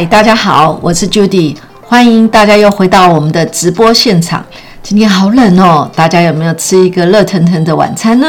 嗨，Hi, 大家好，我是 Judy，歡迎大家又回到我們的直播現場。今天好冷哦，大家有沒有吃一個熱騰騰的晚餐呢？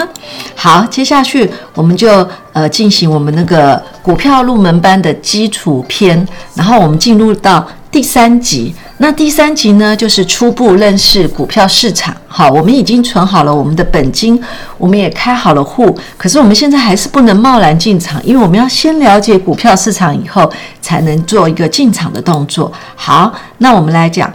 好，接下去我們就呃進行我們那個股票入門班的基礎篇，然後我們進入到第三集。那第三集呢，就是初步認識股票市場。好，我們已經存好了我們的本金，我們也開好了戶，可是我們現在還是不能貿然進場，因為我們要先了解股票市場以後，才能做一個進場的動作。好，那我們來講，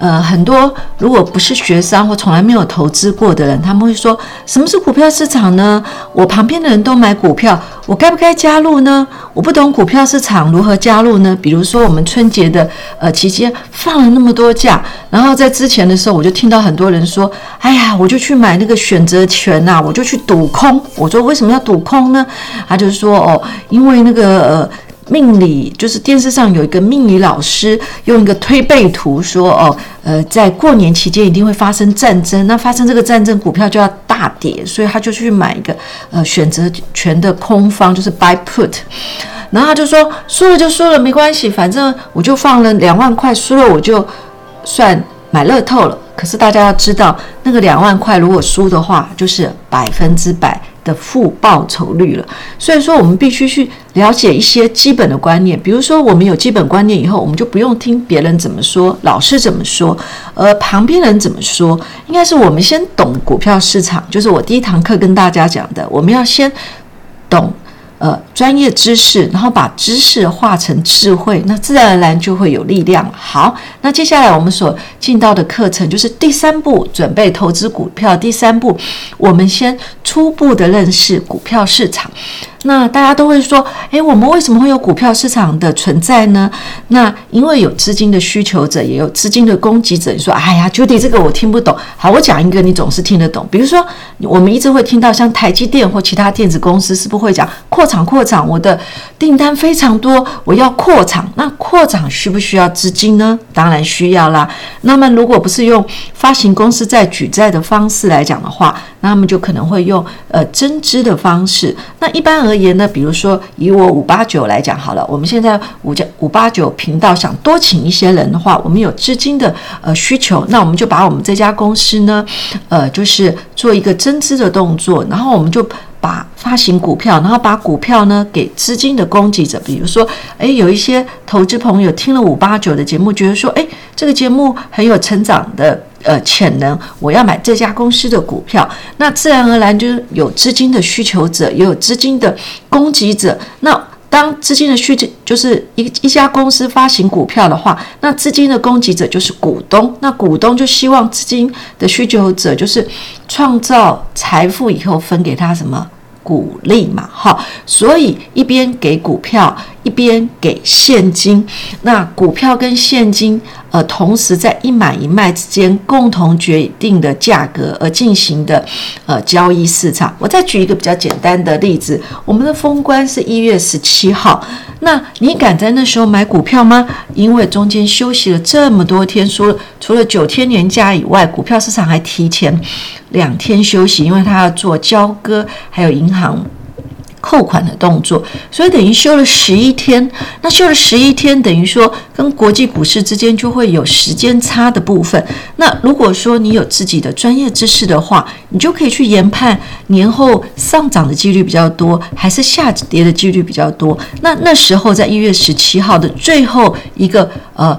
呃，很多如果不是學生或從來沒有投資過的人，他們會說，什麼是股票市場呢？我旁邊的人都買股票，我該不該加入呢？我不懂股票市場如何加入呢？比如說我們春節的呃期間放了那麼多假，然後在之前的時候，我就聽到很多人說。哎呀，我就去買那個選擇權吶、啊，我就去賭空。我說為什麼要賭空呢？他就說哦，因為那個呃命理，就是電視上有一個命理老師用一個推背圖說哦，呃，在過年期間一定會發生戰爭，那發生這個戰爭股票就要大跌，所以他就去買一個呃選擇權的空方，就是 buy put。然後他就說輸了就輸了，沒關係，反正我就放了兩萬塊，輸了我就算買樂透了，可是大家要知道，那個兩萬塊如果輸的話，就是百分之百的負報酬率了。所以說，我們必須去了解一些基本的觀念。比如說，我們有基本觀念以後，我們就不用聽別人怎麼說，老師怎麼說，而，旁邊人怎麼說。應該是我們先懂股票市場，就是我第一堂課跟大家講的，我們要先懂。呃，專業知識，然後把知識化成智慧，那自然而然就會有力量。好，那接下來我們所進到的課程就是第三步，準備投資股票。第三步，我們先初步的認識股票市場。那大家都會說，哎，我們為什麼會有股票市場的存在呢？那因為有資金的需求者，也有資金的供給者。你說，哎呀，Judy 這個我聽不懂。好，我講一個，你總是聽得懂。比如說，我們一直會聽到像台積電或其他電子公司，是不會講擴廠、擴廠，我的訂單非常多，我要擴廠。那擴廠需不需要資金呢？當然需要啦。那麼，如果不是用發行公司債舉債的方式來講的話，那他們就可能會用呃增資的方式。那一般而言呢，比如說以我五八九來講好了，我們現在五加五八九頻道想多請一些人的話，我們有資金的呃需求，那我們就把我們這家公司呢，呃，就是做一個增資的動作，然後我們就，把發行股票，然後把股票呢給資金的供給者，比如說，哎，有一些投資朋友聽了五八九的節目，覺得說，哎，這個節目很有成長的呃潛能，我要買這家公司的股票。那自然而然就有資金的需求者，也有資金的供給者。那當資金的需求就是一一家公司發行股票的話，那資金的供給者就是股東。那股東就希望資金的需求者就是創造財富以後分給他什麼？鼓勵嘛，哈，所以一邊給股票，一邊給現金，那股票跟現金。呃，同時在一買一賣之間共同決定的價格而進行的，呃，交易市場。我再舉一個比較簡單的例子，我們的封關是一月十七號，那你敢在那時候買股票嗎？因為中間休息了這麼多天，說了除了九天年假以外，股票市場還提前兩天休息，因為它要做交割，還有銀行。扣款的動作，所以等於休了十一天。那休了十一天，等於說跟國際股市之間就會有時間差的部分。那如果說你有自己的專業知識的話，你就可以去研判年後上漲的幾率比較多，還是下跌的幾率比較多。那那時候在一月十七號的最後一個呃，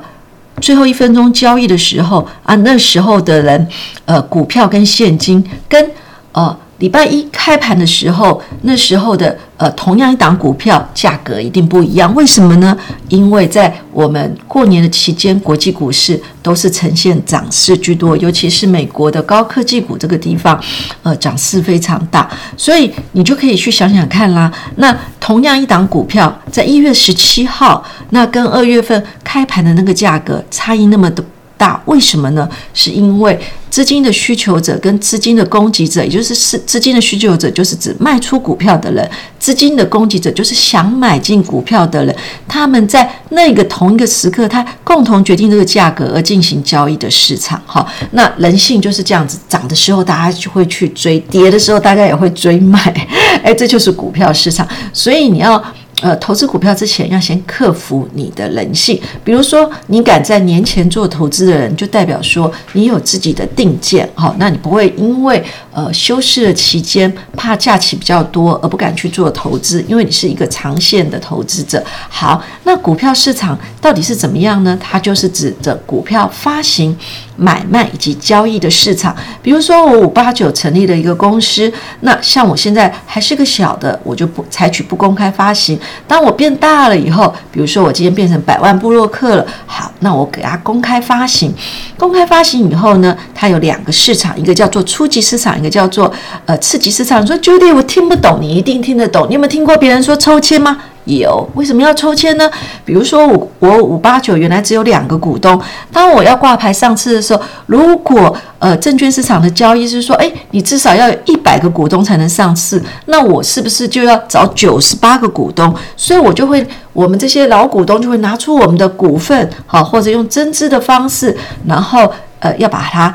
最後一分鐘交易的時候啊，那時候的人呃，股票跟現金跟呃。禮拜一開盤的時候，那時候的呃同樣一檔股票價格一定不一樣，為什麼呢？因為在我們過年的期間，國際股市都是呈現漲勢居多，尤其是美國的高科技股這個地方，呃漲勢非常大，所以你就可以去想想看啦。那同樣一檔股票，在一月十七號，那跟二月份開盤的那個價格差異那麼的大為什麼呢？是因為資金的需求者跟資金的供給者，也就是是資金的需求者就是指賣出股票的人，資金的供給者就是想買進股票的人，他們在那個同一個時刻，他共同決定這個價格而進行交易的市場。哈，那人性就是這樣子，漲的時候大家就會去追，跌的時候大家也會追賣，誒、哎，這就是股票市場，所以你要。呃，投資股票之前要先克服你的人性。比如說，你敢在年前做投資的人，就代表說你有自己的定見，好，哦，那你不會因為。呃，休市的期間怕假期比較多，而不敢去做投資，因為你是一個長線的投資者。好，那股票市場到底是怎麼樣呢？它就是指着股票發行、買賣以及交易的市場。比如說，我五八九成立了一個公司，那像我現在還是個小的，我就不採取不公開發行。當我變大了以後，比如說我今天變成百萬部落客了，好，那我給它公開發行。公開發行以後呢，它有兩個市場，一個叫做初級市場。一叫做呃，刺激市場。說 Judy，我聽不懂，你一定聽得懂。你有沒有聽過別人說抽籤嗎？有。為什麼要抽籤呢？比如說我我五八九原來只有兩個股東，當我要掛牌上市的時候，如果呃證券市場的交易是說，誒，你至少要有一百個股東才能上市，那我是不是就要找九十八個股東？所以，我就會我們這些老股東就會拿出我們的股份，好，或者用增資的方式，然後呃，要把它。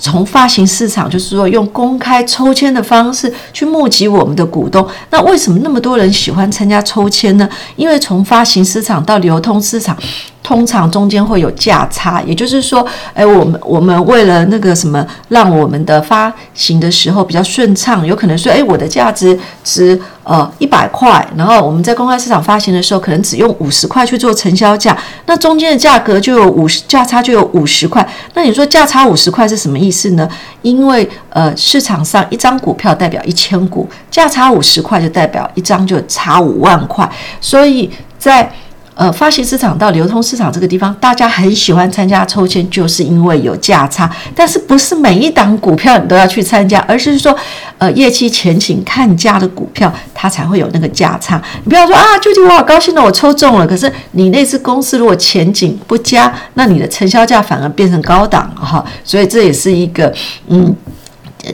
從發行市場，就是說用公開抽籤的方式去募集我們的股東。那為什麼那麼多人喜歡參加抽籤呢？因為從發行市場到流通市場。通常中間會有價差，也就是說，誒、哎，我們我們為了那個什麼，讓我們的發行的時候比較順暢，有可能說，誒、哎，我的價值值呃一百塊，然後我們在公開市場發行的時候，可能只用五十塊去做承銷價，那中間的價格就有五十價差就有五十塊。那你說價差五十塊是什麼意思呢？因為呃市場上一張股票代表一千股，價差五十塊就代表一張就差五萬塊，所以在。呃，發行市場到流通市場這個地方，大家很喜歡參加抽籤，就是因為有價差。但是不是每一檔股票你都要去參加，而是說，呃，業績前景看佳的股票，它才會有那個價差。你不要說啊，究竟，我好高興的，我抽中了。可是你那支公司如果前景不佳，那你的成交價反而變成高檔哈。所以這也是一個嗯，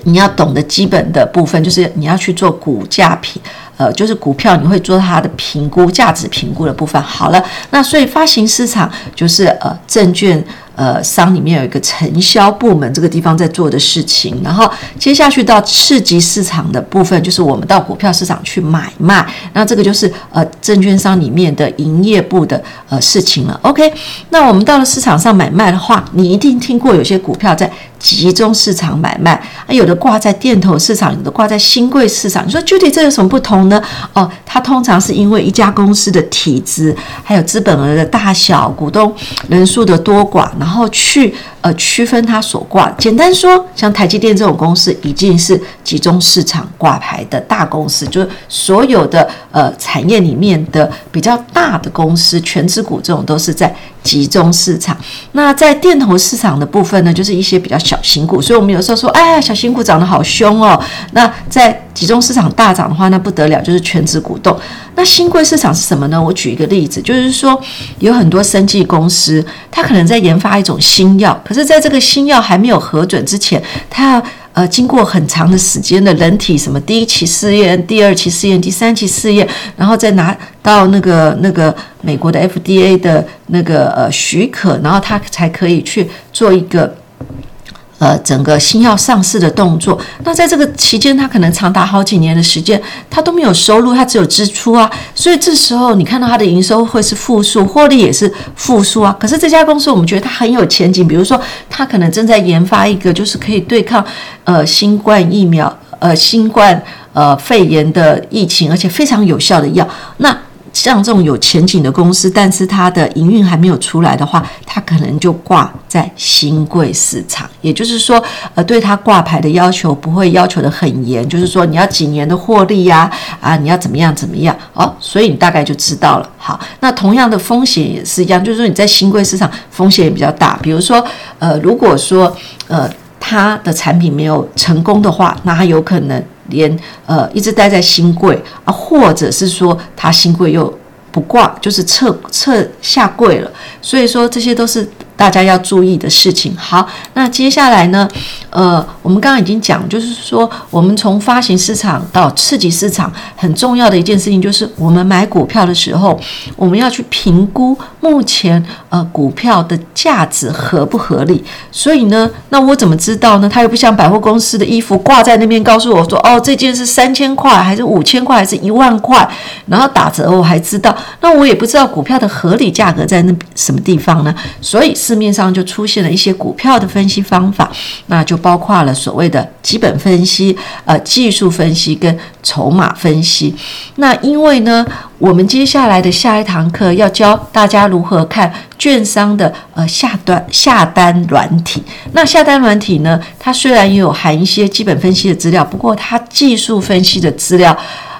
你要懂的基本的部分，就是你要去做股價評。呃，就是股票，你會做它的評估、價值評估的部分。好了，那所以發行市場就是呃，證券。呃，商裡面有一個承銷部門，這個地方在做的事情，然後接下去到次級市場的部分，就是我們到股票市場去買賣，那這個就是呃證券商裡面的營業部的呃事情了。OK，那我們到了市場上買賣的話，你一定聽過有些股票在集中市場買賣，那有的掛在店頭市場，有的掛在興櫃市場。你說具體這有什麼不同呢？哦、呃，它通常是因為一家公司的體質，還有資本額的大小，股東人數的多寡呢。然後去。呃，區分它所掛，簡單說，像台積電這種公司，已經是集中市場掛牌的大公司，就是所有的呃產業裡面的比較大的公司，權值股這種都是在集中市場。那在店頭市場的部分呢，就是一些比較小型股。所以我們有時候說，哎，小型股漲得好凶哦。那在集中市場大漲的話，那不得了，就是權值股東。那興櫃市場是什麼呢？我舉一個例子，就是說有很多生技公司，它可能在研發一種新藥，是在這個新藥還沒有核准之前，他要呃經過很長的時間的人體什麼第一期試驗、第二期試驗、第三期試驗，然後再拿到那個那個美國的 FDA 的那個呃許可，然後他才可以去做一個。呃，整個新藥上市的動作，那在這個期間，它可能長達好幾年的時間，它都沒有收入，它只有支出啊，所以這時候你看到它的營收會是負數，獲利也是負數啊。可是這家公司，我們覺得它很有前景，比如說它可能正在研發一個就是可以對抗呃新冠疫苗呃新冠呃肺炎的疫情，而且非常有效的藥，那。像這種有前景的公司，但是它的營運還沒有出來的話，它可能就掛在興櫃市場。也就是說，呃，對它掛牌的要求不會要求得很嚴，就是說你要幾年的獲利呀，啊，啊，你要怎麼樣怎麼樣哦，所以你大概就知道了。好，那同樣的風險也是一樣，就是說你在興櫃市場風險也比較大。比如說，呃，如果說，呃，它的產品沒有成功的話，那它有可能。連呃，一直待在興櫃啊，或者是說他興櫃又不掛，就是撤撤下櫃了，所以說這些都是。大家要注意的事情。好，那接下來呢？呃，我們剛剛已經講，就是說，我們從發行市場到次級市場，很重要的一件事情就是，我們買股票的時候，我們要去評估目前呃股票的價值合不合理。所以呢，那我怎麼知道呢？它又不像百貨公司的衣服掛在那邊，告訴我說，哦，這件是三千塊，還是五千塊，還是一萬塊，然後打折我還知道。那我也不知道股票的合理價格在那什麼地方呢？所以。市面上就出現了一些股票的分析方法，那就包括了所謂的基本分析、呃技術分析跟籌碼分析。那因為呢，我們接下來的下一堂課要教大家如何看券商的呃下單下單軟體。那下單軟體呢，它雖然也有含一些基本分析的資料，不過它技術分析的資料。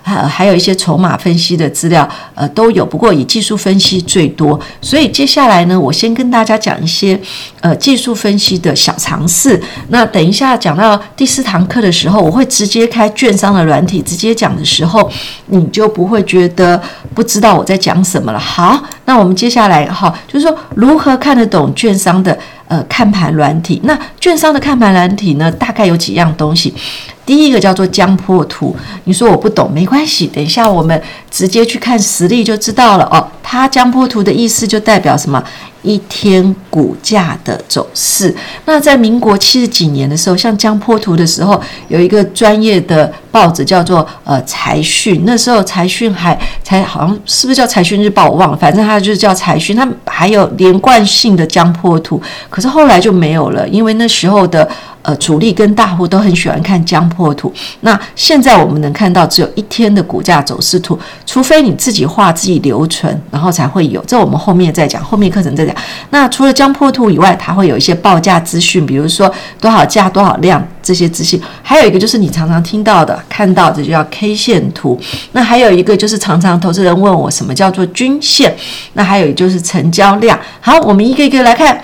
還還有一些籌碼分析的資料，呃，都有。不過以技術分析最多，所以接下來呢，我先跟大家講一些呃技術分析的小常識。那等一下講到第四堂課的時候，我會直接開券商的軟體，直接講的時候，你就不會覺得不知道我在講什麼了。好，那我們接下來哈，就是說如何看得懂券商的。呃，看盤軟體，那券商的看盤軟體呢，大概有幾樣東西。第一個叫做江坡圖，你說我不懂沒關係，等一下我們直接去看實例就知道了哦。它江坡圖的意思就代表什麼？一天股價的走勢。那在民國七十幾年的時候，像江波圖的時候，有一個專業的報紙叫做呃財訊。那時候財訊還才好像是不是叫財訊日報，我忘了。反正它就是叫財訊。它還有連貫性的江波圖，可是後來就沒有了，因為那時候的。呃，主力跟大戶都很喜歡看江波圖。那現在我們能看到只有一天的股價走勢圖，除非你自己畫自己留存，然後才會有。這我們後面再講，後面課程再講。那除了江波圖以外，它會有一些報價資訊，比如說多少價多少量這些資訊。還有一個就是你常常聽到的看到的，就叫 K 線圖。那還有一個就是常常投資人問我什麼叫做均線？那還有就是成交量。好，我們一個一個來看。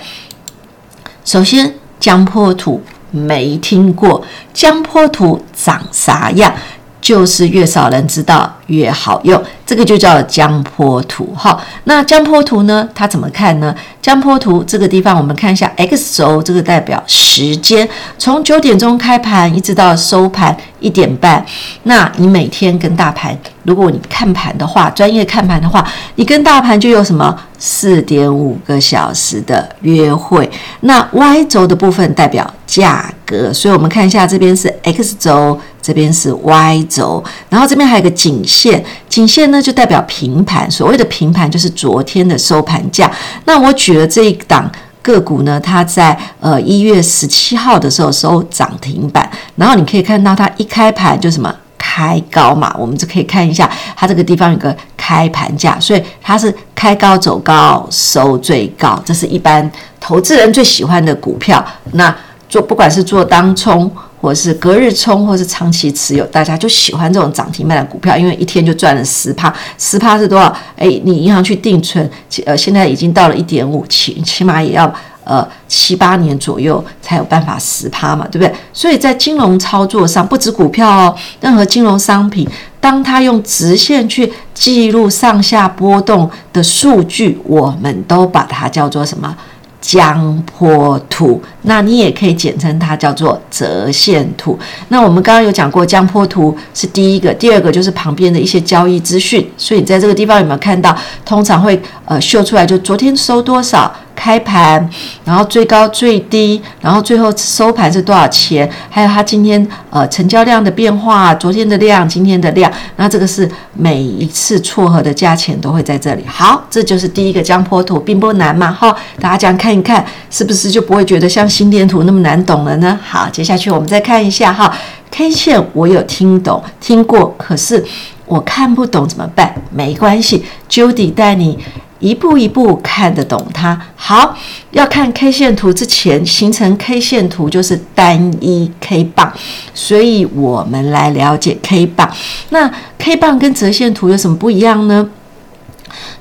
首先江波圖。沒聽過江波圖長啥樣，就是越少人知道，越好用，這個就叫江波圖哈。那江波圖呢？它怎麼看呢？江波圖這個地方，我們看一下 X 軸，這個代表時間，從九點鐘開盤一直到收盤一點半。那你每天跟大盤，如果你看盤的話，專業看盤的話，你跟大盤就有什麼四點五個小時的約會。那 Y 軸的部分代表價格，所以我們看一下這邊是 X 軸，這邊是 Y 軸，然後這邊還有個景象。線頸線呢，就代表平盤。所謂的平盤，就是昨天的收盤價。那我舉了這一檔個股呢，它在呃一月十七號的時候收漲停板，然後你可以看到它一開盤就什麼開高嘛，我們就可以看一下它這個地方有個開盤價，所以它是開高走高收最高，這是一般投資人最喜歡的股票。那做不管是做當沖，或是隔日沖，或是長期持有，大家就喜歡這種漲停賣的股票，因為一天就賺了十趴，十趴是多少？誒、欸，你銀行去定存，呃，現在已經到了一點五起，起碼也要呃七八年左右才有辦法十趴嘛，對不對？所以在金融操作上，不止股票哦，任何金融商品，當它用直線去記錄上下波動的數據，我們都把它叫做什麼？江波圖，那你也可以簡稱它叫做折線圖。那我們剛剛有講過，江波圖是第一個，第二個就是旁邊的一些交易資訊。所以你在這個地方有沒有看到？通常會呃秀出來，就昨天收多少。開盤，然後最高、最低，然後最後收盤是多少錢？還有它今天呃成交量的變化，昨天的量、今天的量，那這個是每一次撮合的價錢都會在這裡。好，這就是第一個江波圖，並不難嘛，哈、哦！大家這樣看一看，是不是就不會覺得像心電圖那麼難懂了呢？好，接下去我們再看一下哈，K、哦、線我有聽懂、聽過，可是我看不懂怎麼辦？沒關係 Jody 帶你。一步一步看得懂它。好，要看 K 線圖之前，形成 K 線圖就是單一 K 棒，所以我們來了解 K 棒。那 K 棒跟折線圖有什麼不一樣呢？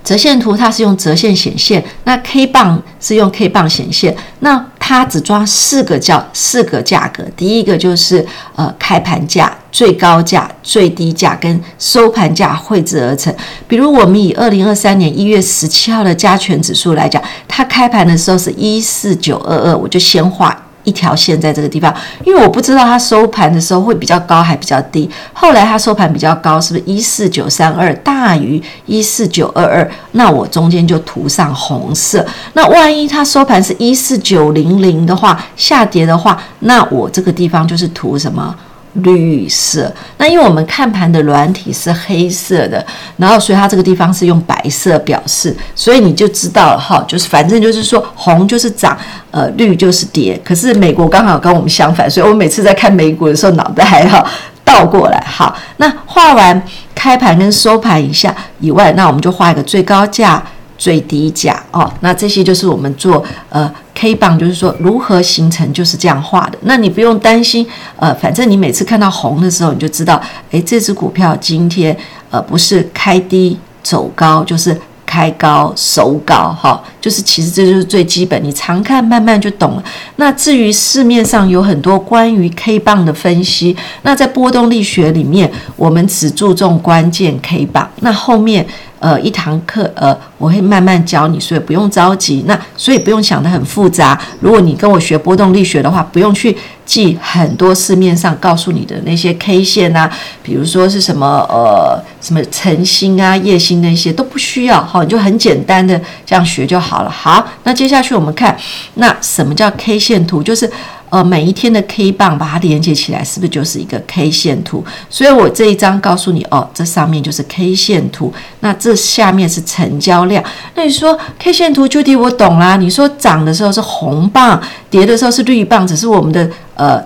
折線圖它是用折線顯現，那 K 棒是用 K 棒顯現。那它只抓四個價，四個價格，第一個就是呃開盤價。最高價、最低價跟收盤價繪制而成。比如我們以二零二三年一月十七號的加權指數來講，它開盤的時候是一四九二二，我就先畫一條線在這個地方，因為我不知道它收盤的時候會比較高還比較低。後來它收盤比較高，是不是一四九三二大於一四九二二？那我中間就塗上紅色。那萬一它收盤是一四九零零的話，下跌的話，那我這個地方就是塗什麼？綠色，那因為我們看盤的軟體是黑色的，然後所以它這個地方是用白色表示，所以你就知道，哈，就是反正就是說紅就是漲，呃，綠就是跌。可是美國剛好跟我們相反，所以我每次在看美股的時候，腦袋還要倒過來。好，那畫完開盤跟收盤一下以外，那我們就畫一個最高價。最低價哦，那這些就是我們做呃 K 棒，就是說如何形成就是這樣畫的。那你不用擔心，呃，反正你每次看到紅的時候，你就知道，誒、欸、這隻股票今天呃不是開低走高，就是開高收高，哈、哦，就是其實這就是最基本，你常看慢慢就懂了。那至於市面上有很多關於 K 棒的分析，那在波動力學裡面，我們只注重關鍵 K 棒，那後面。呃，一堂課，呃，我會慢慢教你，所以不用着急。那所以不用想得很複雜。如果你跟我學波動力學的話，不用去記很多市面上告訴你的那些 K 線啊，比如說是什麼呃什麼晨星啊、夜星那些都不需要。好，哦，你就很簡單的這樣學就好了。好，那接下去我們看，那什麼叫 K 線圖？就是。呃，每一天的 K 棒把它連接起來，是不是就是一個 K 線圖？所以我這一張告訴你，哦，這上面就是 K 線圖，那這下面是成交量。那你說 K 線圖具體我懂啦，你說漲的時候是紅棒，跌的時候是綠棒，只是我們的呃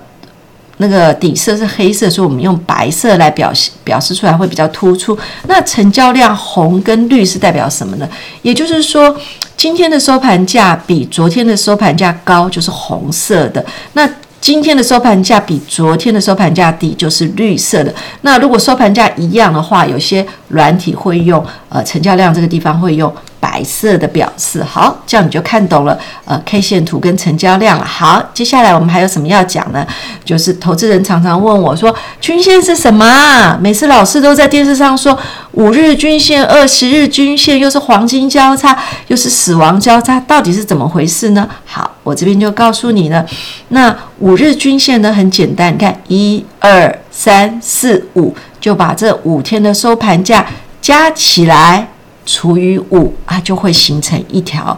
那個底色是黑色，所以我們用白色來表現表示出來會比較突出。那成交量紅跟綠是代表什麼呢？也就是說。今天的收盤價比昨天的收盤價高，就是紅色的。那今天的收盤價比昨天的收盤價低，就是綠色的。那如果收盤價一樣的話，有些軟體會用呃，成交量這個地方會用。白色的表示，好，這樣你就看懂了。呃，K 線圖跟成交量了。好，接下來我們還有什麼要講呢？就是投資人常常問我說，均線是什麼？每次老師都在電視上說，五日均線、二十日均線，又是黃金交叉，又是死亡交叉，到底是怎麼回事呢？好，我這邊就告訴你了。那五日均線呢，很簡單，你看，一二三四五，就把這五天的收盤價加起來。除以五啊，就會形成一條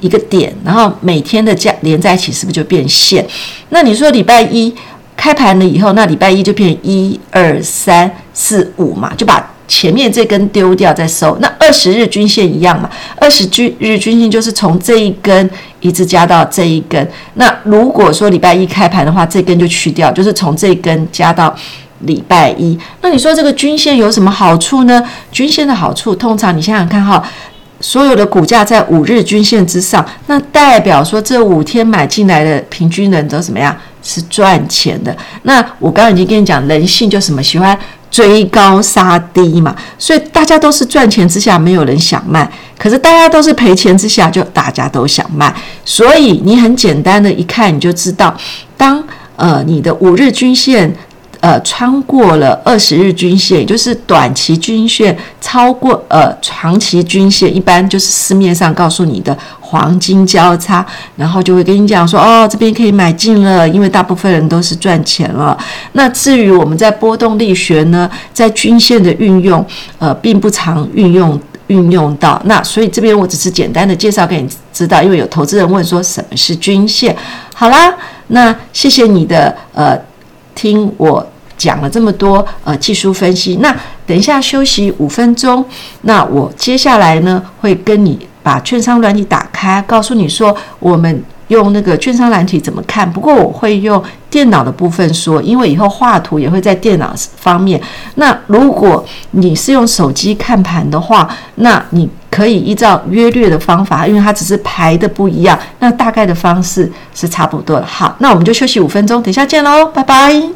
一個點，然後每天的價連在一起，是不是就變線？那你說禮拜一開盤了以後，那禮拜一就變一二三四五嘛，就把前面這根丟掉再收。那二十日均線一樣嘛？二十均日均線就是從這一根一直加到這一根。那如果說禮拜一開盤的話，這根就去掉，就是從這根加到。禮拜一，那你說這個均線有什麼好處呢？均線的好處，通常你想想看哈，所有的股價在五日均線之上，那代表說這五天買進來的平均人都怎麼樣？是賺錢的。那我剛剛已經跟你講，人性就什麼，喜歡追高殺低嘛。所以大家都是賺錢之下，沒有人想賣；可是大家都是賠錢之下，就大家都想賣。所以你很簡單的一看，你就知道，當呃你的五日均線。呃，穿過了二十日均線，也就是短期均線超過呃長期均線，一般就是市面上告訴你的黃金交叉，然後就會跟你講說哦，這邊可以買進了，因為大部分人都是賺錢了。那至於我們在波動力學呢，在均線的運用，呃，並不常運用運用到。那所以這邊我只是簡單的介紹給你知道，因為有投資人問說什麼是均線。好啦，那謝謝你的呃聽我，講了這麼多，呃，技術分析，那等一下休息五分鐘。那我接下來呢，會跟你把券商軟體打開，告訴你說我們用那個券商軟體怎麼看。不過我會用電腦的部分說，因為以後畫圖也會在電腦方面。那如果你是用手機看盤的話，那你可以依照約略的方法，因為它只是排的不一樣，那大概的方式是差不多的。好，那我們就休息五分鐘，等一下見嘍，拜拜。